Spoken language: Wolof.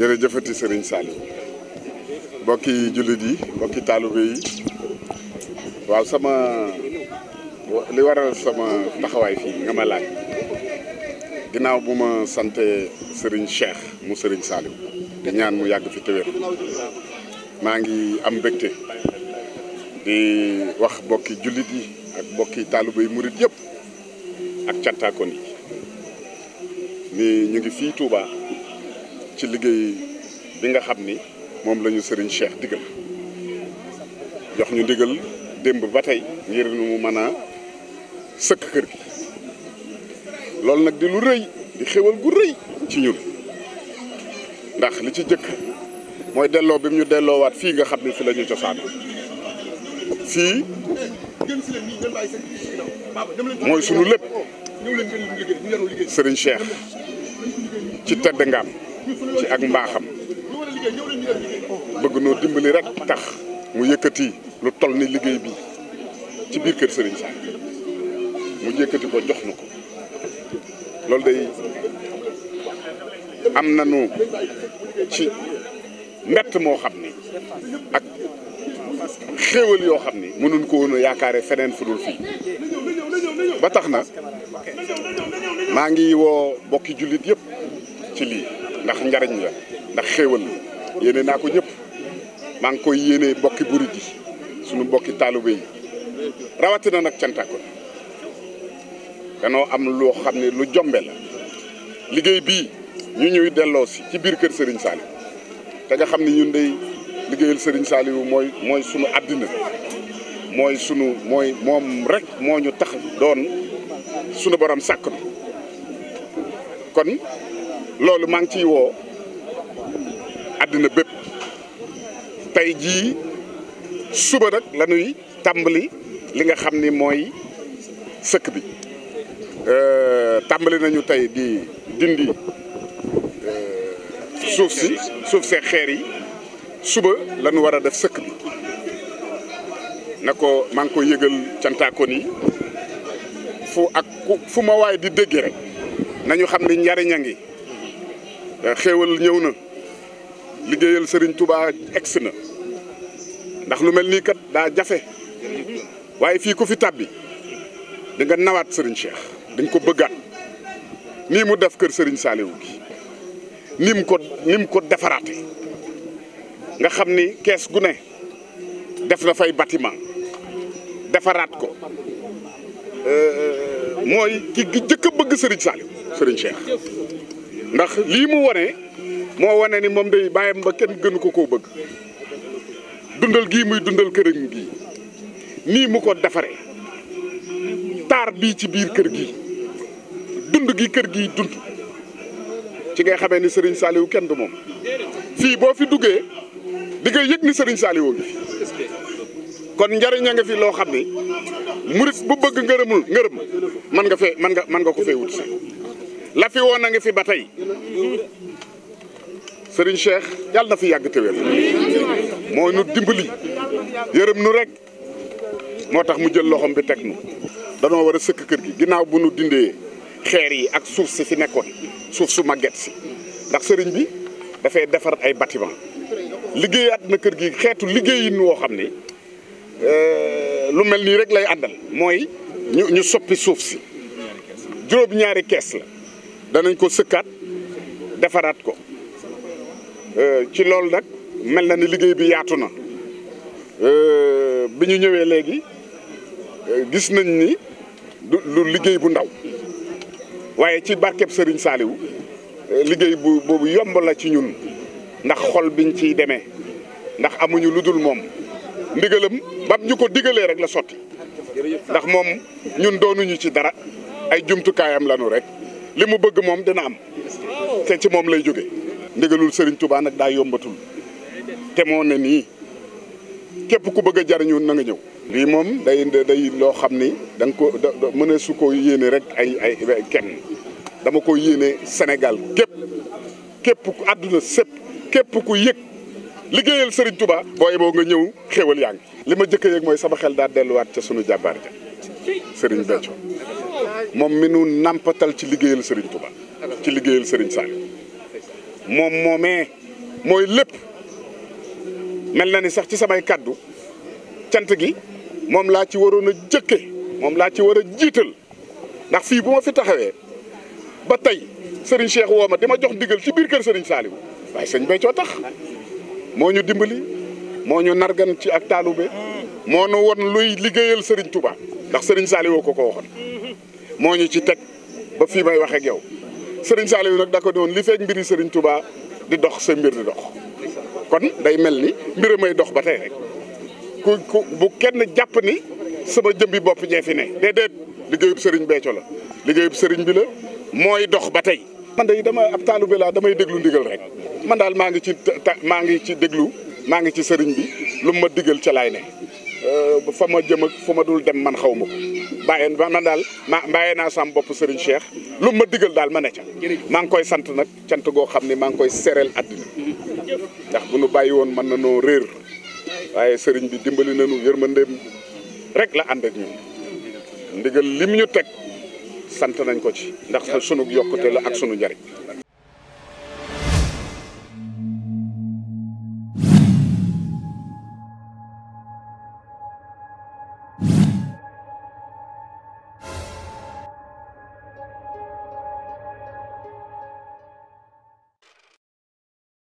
jërëjëfati sëriñ Saliou mbokki jullit yi mbokki taalibe yi waaw sama li waral sama taxawaay fii nga ma laaj ginnaaw bu ma sante sëriñ Cheikh mu sëriñ Saliou di ñaan mu yàgg fi téwér maa ngi am mbégte di wax bokki jullit yi ak mbokki taalibe yi murit yëpp ak cantaakoon yi ni ñu ngi fi Touba. ci liggéey bi nga xam ni moom lañu sëriñ Serigne Cheikh jox ñu digal démb ba tey ngir nu mu mën a sëkk kër gi loolu nag di lu rëy di xéwal gu rëy ci ñun ndax li ci jëkk mooy delloo bi mu ñu delloowaat fii nga xam ni fi la ñu cosaan fii mooy sunu lépp Serigne Cheikh ci tedd ngaam ci ak mbaaxam bëgg noo dimbali rek tax mu yëkkati lu toll ni liggéey bi ci biir kër Serigne Sall mu yëkkati ko jox nu ko loolu day am nanu ci mbett moo xam ni ak xéewal yoo xam ne mënuñ ko woon a yaakaare feneen fu dul fii ba tax na maa ngi woo bokki jullit yépp ci lii ndax njariñ la ndax xéewal la yéene naa ko ñëpp maa ngi koy yéene bokki burit yi suñu bokki taalibe rawatina nag cantakon danoo am loo xam ne lu jombe la liggéey bi ñu ñuy delloo si ci biir kër sëriñ Saliou te nga xam ne ñun day liggéeyal sëriñ saali mooy mooy sunu àddina mooy sunu mooy moom rek moo ñu tax doon sunu borom sàkk kon loolu maa ngi ciy woo àddina bépp tey jii suba nag lanuy tàmbali li nga xam ni mooy sëkk bi euh, tàmbali nañu tey di dindi euh, suuf si suuf see xeer yi suba la ñu war a def sëkk bi na ko maa ngi koy yëgal cantaakoon yi fu ak fu ma waay di dégg rek nañu xam ni njariñ ngi Euh, xéewal ñëw na liggéeyal Serigne Touba egsi na ndax lu mel nii kat daa jafe waaye fii ko fi tàbbi da nawaat sëriñ Cheikh dañ ko bëggaat nii mu def kër sëriñ saaliw gi ni mu ko ni ko defaraate nga xam ni kees gu ne def na fay bâtiment defaraat ko euh, mooy ki jëkk a bëgg sëriñ Saliou Serigne Cheikh ndax lii mu wane moo wane ni moom day bàyyam ba kenn gënu ko koo bëgg dundal gii muy dundal këram gii nii mu ko defaree taar bii ci biir kër gi dund gi kër gi dund ci ngay xamee ni sëriñ Saliou kenn du moom fii boo fi duggee di nga yëg ni sëriñ Saliou ngi kon njariñ a fi loo xam ni murit bu bëgg ngërëmul ngërëm mën nga fee mën nga mën nga ko fee wut si la fi woon a ngi fi ba tey sëriñ Cheikh jàll na fi yàgg te wér moo nu dimbali yërëm nu rek moo tax mu jël loxom bi teg nu danoo war a sëkk kër gi ginnaaw bu nu dindee xeer yi ak suuf si fi nekkoon suuf su màgget si ndax sëriñ bi dafay defar ay bâtiment liggéeyaat na kër gi xeetu liggéeyin woo xam ne euh, lu mel nii rek lay àndal mooy ñu ñu soppi suuf si juróom ñaari kees la danañ ko sëkkaat defaraat ko euh, ci loolu nag mel na ni liggéey bi yaatu na euh, bi ñu ñëwee léegi euh, gis nañ ni lu liggéey bu ndaw waaye ci barkeb Serigne Saliou liggéey bu boobu yomb la ci ñun ndax xol biñ ciy demee ndax amuñu lu dul moom ndigalam ba ñu ko digalee rek la sotti ndax moom ñun doonuñu ci dara ay jumtukaayam lanu rek li mu bëgg moom dina am te ci moom lay jóge ndigalul sëriñ tubaa nag daa yombatul te moo ne nii képp ku bëgg a jariñu na nga ñëw. lii moom day day loo xam ni danga ko da mëne su ko yéene rek ay ay kenn dama ko yéene senegal képp képp ku àdduna sépp képp ku yëg liggéeyal sëriñ tubaa booy boo nga ñëw xéwal yaa ngi. li ma jëkk a yëg mooy sama xel daa delluwaat ca sunu jàmbaar ja Serigne Béthio. moom mi nu nampatal ci liggéeyal Serigne Touba ci liggéeyal Serigne Saliou moom moomee mooy lépp mel na ni sax ci samay kàddu cant gi moom laa ci waroon a jëkke moom laa ci war a jiital ndax fii bu ma fi taxawee ba tey Serigne Cheikh woo ma di ma jox ndigal ci biir kër Serigne Saliou waaye sëñ coo tax moo ñu dimbali moo ñu nargan ci ak taalube moo nu won luy liggéeyal Serigne Touba ndax Serigne Saliou ko ko waxoon moo ñu ci teg ba fii may wax ak yow Serigne Saliou nag da ko doon li feeg mbiri Serigne Touba di dox sa mbir di dox kon day mel ni mbir may dox ba tey rek ku ku bu kenn jàpp ni sama jëmbi bopp ñee fi ne déedéet liggéeyub Serigne Béthio la liggéeyub Serigne bi la mooy dox ba tey. man day dama ab bi laa damay déglu ndigal rek man daal maa ngi ci maa ngi ci déglu maa ngi ci Serigne bi lu ma digal ca laay ne. Euh, fa ma jëm ak fa ma dul dem man xaw ma ko bàyyeen ba man daal ma bàyyee naa sam bopp Serigne Cheikh lu ma digal daal ma ne ca maa ngi koy sant nag cant goo xam ne maa ngi koy sereel àddina ndax bu nu bàyyi woon mën na noo réer waaye sëriñ bi dimbali nañu yërmandeem rek la ànd ak ñun ndigal lim ñu teg sant nañ ko ci ndax sunu yokkute la ak sunu njariñ